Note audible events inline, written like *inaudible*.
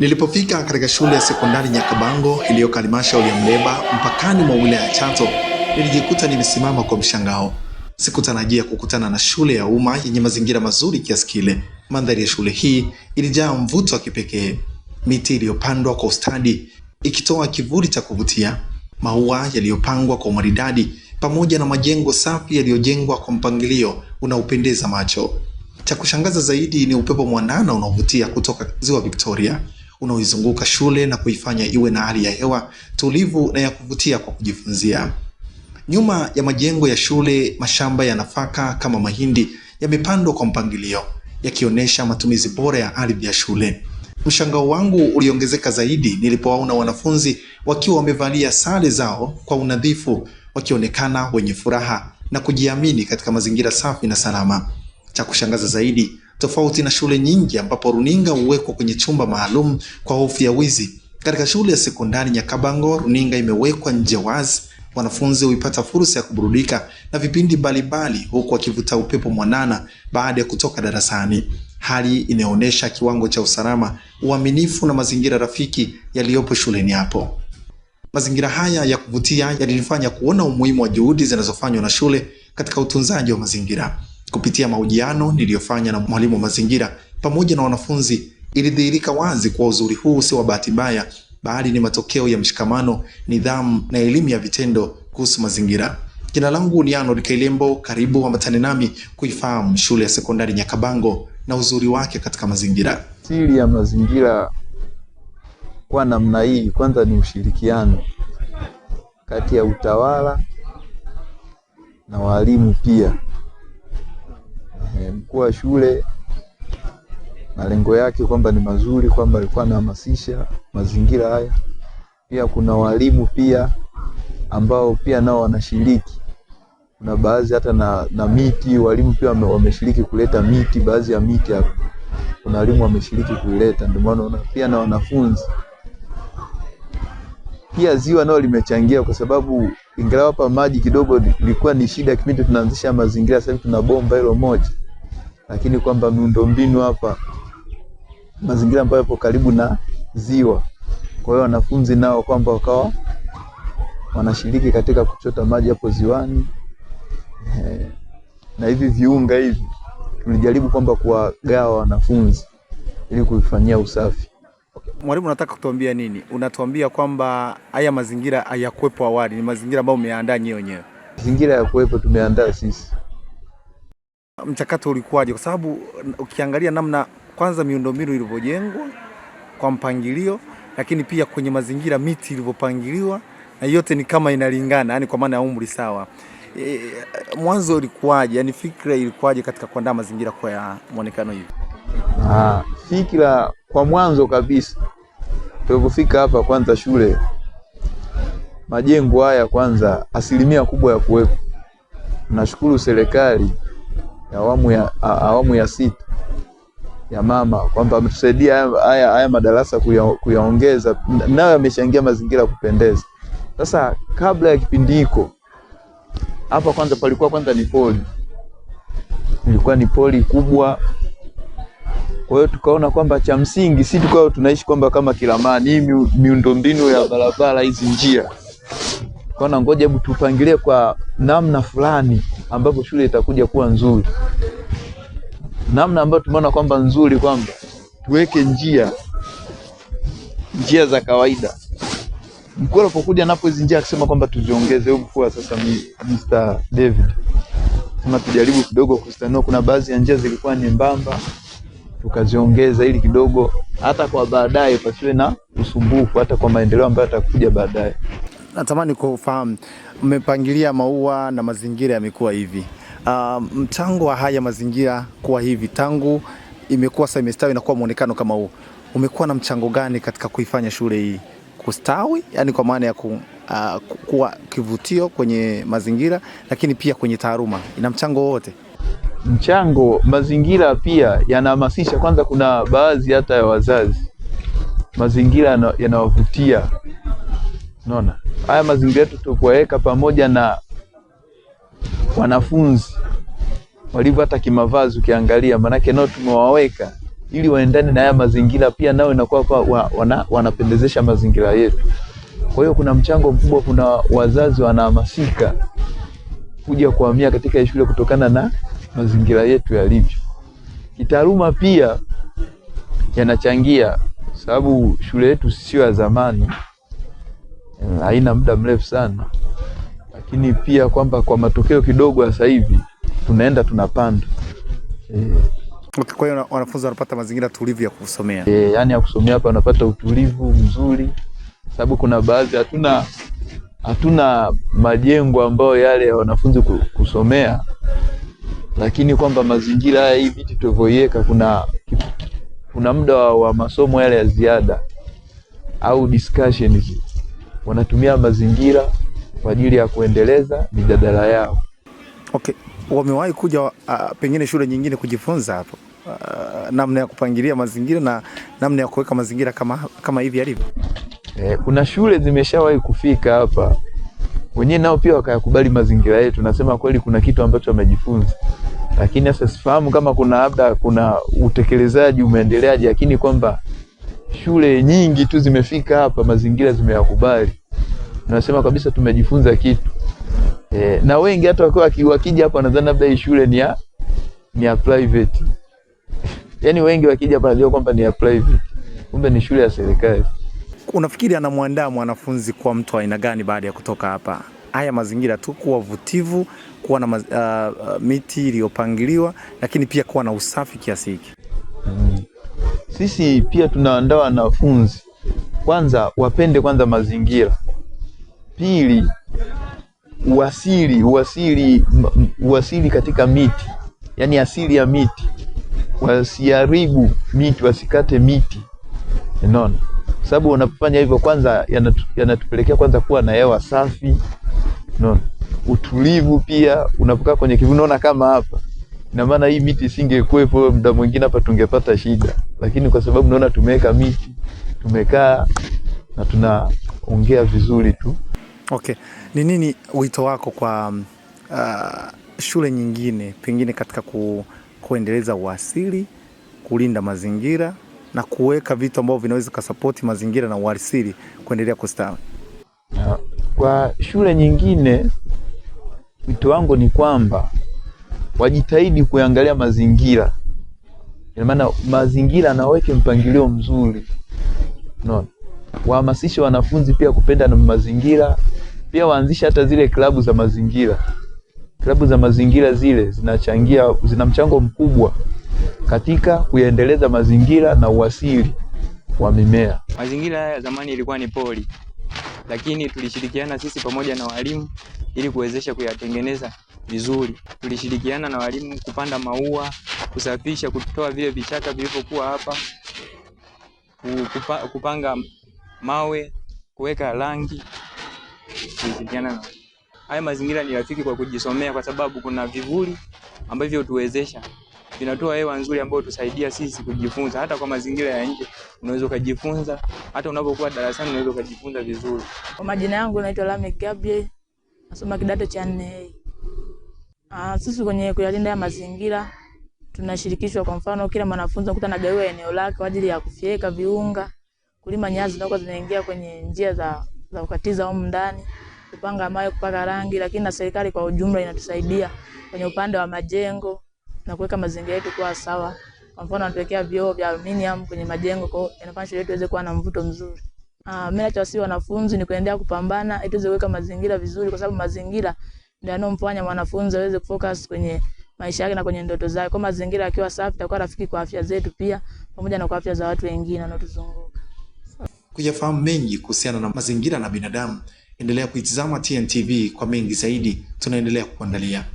Nilipofika katika shule ya sekondari Nyakabango iliyoko halmashauri ya Muleba mpakani mwa wilaya ya Chato, nilijikuta nimesimama kwa mshangao. Sikutarajia kukutana na shule ya umma yenye mazingira mazuri kiasi kile. Mandhari ya shule hii ilijaa mvuto wa kipekee, miti iliyopandwa kwa ustadi ikitoa kivuli cha kuvutia, maua yaliyopangwa kwa umaridadi, pamoja na majengo safi yaliyojengwa kwa mpangilio unaopendeza macho. Cha kushangaza zaidi ni upepo mwanana unaovutia kutoka ziwa Victoria unaoizunguka shule na kuifanya iwe na hali ya hewa tulivu na ya kuvutia kwa kujifunzia. Nyuma ya majengo ya shule, mashamba ya nafaka kama mahindi yamepandwa kwa mpangilio, yakionyesha matumizi bora ya ardhi ya shule. Mshangao wangu uliongezeka zaidi nilipowaona wanafunzi wakiwa wamevalia sare zao kwa unadhifu, wakionekana wenye furaha na kujiamini katika mazingira safi na salama. Cha kushangaza zaidi, tofauti na shule nyingi ambapo runinga huwekwa kwenye chumba maalum kwa hofu ya wizi. Katika shule ya sekondari Nyakabango, runinga imewekwa nje wazi. Wanafunzi huipata fursa ya kuburudika na vipindi mbalimbali, huku wakivuta upepo mwanana baada ya kutoka darasani, hali inayoonyesha kiwango cha usalama, uaminifu na mazingira rafiki yaliyopo shuleni hapo. Mazingira haya ya kuvutia yalinifanya kuona umuhimu wa juhudi zinazofanywa na shule katika utunzaji wa mazingira. Kupitia mahojiano niliyofanya na mwalimu wa mazingira pamoja na wanafunzi, ilidhihirika wazi kuwa uzuri huu si wa bahati mbaya, bali ni matokeo ya mshikamano, nidhamu na elimu ya vitendo kuhusu mazingira. Jina langu ni Arnold Kailembo, karibu ambatane nami kuifahamu shule ya sekondari Nyakabango na uzuri wake katika mazingira. Siri ya mazingira kwa namna hii, kwanza ni ushirikiano kati ya utawala na walimu pia e, mkuu wa shule malengo yake kwamba ni mazuri, kwamba alikuwa anahamasisha mazingira haya. Pia kuna walimu pia ambao pia nao wanashiriki, kuna baadhi hata na, na miti. Walimu pia wameshiriki kuleta miti, baadhi ya miti hapo kuna walimu wameshiriki kuileta, ndio maana pia na wanafunzi pia ziwa nao limechangia kwa sababu ingawa hapa maji kidogo ilikuwa ni shida kipindi tunaanzisha mazingira, sasa tuna bomba hilo moja lakini kwamba miundombinu hapa, mazingira ambayo yapo karibu na ziwa, kwa hiyo wanafunzi nao kwamba wakawa wanashiriki katika kuchota maji hapo ziwani eh, na hivi viunga hivi tulijaribu kwamba kuwagawa wanafunzi ili kuifanyia usafi. Mwalimu, nataka kutuambia nini? Unatuambia kwamba haya mazingira hayakuwepo awali, ni mazingira ambayo umeandaa nyewe wenyewe? Mazingira ya kuwepo tumeandaa sisi mchakato ulikuwaje? Kwa sababu ukiangalia namna kwanza miundombinu ilivyojengwa kwa mpangilio, lakini pia kwenye mazingira miti ilivyopangiliwa na yote ni kama inalingana, yani kwa maana ya umri sawa. E, mwanzo ulikuwaje? Yani fikra ilikuwaje katika kuandaa mazingira kwa ya muonekano hivi? Ah, fikra kwa mwanzo kabisa tulipofika hapa, kwanza shule, majengo haya kwanza asilimia kubwa ya kuwepo, nashukuru serikali awamu ya, awamu ya sita ya mama kwamba ametusaidia haya, haya madarasa kuyaongeza, nayo yameshangia mazingira ya kupendeza. Sasa kabla ya kipindi hiko hapa, kwanza palikuwa kwanza ni poli, ilikuwa ni poli kubwa. Kwa hiyo tukaona kwamba cha msingi si tukao tunaishi kwamba kama Kilamani, hii miundombinu ya barabara hizi njia, kaona ngoja, hebu tupangilie kwa namna fulani ambapo shule itakuja kuwa nzuri, namna ambayo tumeona kwamba nzuri, kwamba tuweke njia njia za kawaida. Mkuu alipokuja napo hizi njia akisema kwamba tuziongeze. Huyu mkuu sasa, Mr David sema tujaribu kidogo kustanua, kuna baadhi ya njia zilikuwa nyembamba tukaziongeza ili kidogo hata kwa baadaye pasiwe na usumbufu, hata kwa maendeleo ambayo atakuja baadaye natamani kufahamu mmepangilia maua na mazingira yamekuwa hivi, um, mchango wa haya mazingira kuwa hivi tangu imekuwa sasa imestawi na kuwa muonekano kama huu, umekuwa na mchango gani katika kuifanya shule hii kustawi, yani kwa maana ya ku, uh, kuwa kivutio kwenye mazingira, lakini pia kwenye taaluma, ina mchango wowote? Mchango mazingira pia yanahamasisha. Kwanza kuna baadhi hata ya wazazi mazingira yanawavutia, unaona haya mazingira yetu tukuwaweka pamoja na wanafunzi walivyo hata kimavazi, ukiangalia maanake nao tumewaweka ili waendane na haya mazingira pia, nao inakuwa wa, wana, wanapendezesha mazingira yetu. Kwa hiyo kuna mchango mkubwa, kuna wazazi wanahamasika kuja kuhamia katika shule kutokana na mazingira yetu yalivyo. Kitaaluma pia yanachangia, sababu shule yetu sio ya zamani haina muda mrefu sana, lakini pia kwamba kwa matokeo kidogo sasa hivi tunaenda tunapanda e. Kwa hiyo wanafunzi wanapata mazingira tulivu ya kusomea e, yani ya kusomea hapa wanapata utulivu mzuri, sababu kuna baadhi hatuna hatuna majengo ambayo yale ya wanafunzi kusomea, lakini kwamba mazingira haya hivi viti tulivyoiweka, kuna kuna muda wa, wa masomo yale ya ziada au discussions wanatumia mazingira kwa ajili ya kuendeleza mijadala yao. Okay, wamewahi kuja uh, pengine shule nyingine kujifunza hapo uh, namna ya kupangilia mazingira na namna ya kuweka mazingira kama, kama hivi yalivyo. Eh, kuna shule zimeshawahi kufika hapa wenyewe nao pia wakayakubali mazingira yetu, nasema kweli kuna kitu ambacho wamejifunza, lakini sasa sifahamu kama kuna labda kuna utekelezaji umeendeleaje, lakini kwamba shule nyingi tu zimefika hapa, mazingira zimeyakubali, nasema kabisa tumejifunza kitu e, na wengi hata wakiwa wakija hapa nadhani labda hii shule ni ya ni ya private *laughs* yani wengi wakija hapa najua kwamba ni ya private, kumbe ni shule ya serikali. Unafikiri anamwandaa mwanafunzi kwa mtu aina gani baada ya kutoka hapa? Haya mazingira tu kuwa vutivu, kuwa na uh, miti iliyopangiliwa, lakini pia kuwa na usafi kiasi hiki mm sisi pia tunaandaa wanafunzi, kwanza wapende kwanza mazingira, pili uasili, uasili, uasili katika miti, yaani asili ya miti, wasiharibu miti, wasikate miti, unaona sababu unapofanya hivyo kwanza yanatu, yanatupelekea kwanza kuwa na hewa safi, unaona utulivu. Pia unapokaa kwenye kivuli, unaona kama hapa Ina maana hii miti isingekuwepo, muda mwingine hapa tungepata shida, lakini kwa sababu naona tumeweka miti, tumekaa na tunaongea vizuri tu. Okay, ni nini wito wako kwa mm, uh, shule nyingine pengine katika ku, kuendeleza uasili, kulinda mazingira na kuweka vitu ambavyo vinaweza kusapoti mazingira na uasili kuendelea kustawi? Kwa shule nyingine, wito wangu ni kwamba wajitahidi kuangalia mazingira, ina maana mazingira naweke mpangilio mzuri, no. Wahamasishe wanafunzi pia kupenda na mazingira, pia waanzishe hata zile klabu za mazingira. Klabu za mazingira zile zinachangia, zina mchango mkubwa katika kuyaendeleza mazingira na uasili wa mimea. Mazingira haya zamani ilikuwa ni pori, lakini tulishirikiana sisi pamoja na walimu ili kuwezesha kuyatengeneza vizuri. Tulishirikiana na walimu kupanda maua, kusafisha, kutoa vile vichaka vilivyokuwa hapa, kupanga mawe, kuweka rangi. Tulishirikiana na haya mazingira ni rafiki kwa kujisomea, kwa sababu kuna vivuli ambavyo tuwezesha vinatoa hewa nzuri ambayo tusaidia sisi kujifunza. Hata kwa mazingira ya nje unaweza ukajifunza, hata unapokuwa darasani unaweza ukajifunza vizuri. Kwa majina yangu naitwa Lamek Gabriel, nasoma kidato cha 4 Ah, sisi kwenye kuyalinda ya mazingira tunashirikishwa, kwa mfano kila mwanafunzi anakuta anagawiwa eneo lake kwa ajili ya kufyeka viunga, kulima nyasi zinakuwa zinaingia kwenye njia za za kukatiza humu ndani, kupanga mawe, kupaka rangi, lakini na serikali kwa ujumla inatusaidia kwenye upande wa majengo na kuweka mazingira yetu kuwa sawa. Kwa mfano anatuwekea vioo vya aluminium kwenye majengo, kwa hiyo inafanya shule yetu iweze kuwa na mvuto mzuri. Ah, mimi nachowasihi wanafunzi ni kuendelea kupambana ili tuweze kuweka mazingira vizuri, kwa sababu mazingira ndio anomfanya mwanafunzi aweze kufocus kwenye maisha yake na kwenye ndoto zake. Kwa mazingira akiwa safi, takuwa rafiki kwa afya zetu pia pamoja na kwa afya za watu wengine wanaotuzunguka. Kujafahamu mengi kuhusiana na mazingira na binadamu, endelea kuitizama TNTV kwa mengi zaidi tunaendelea kukuandalia.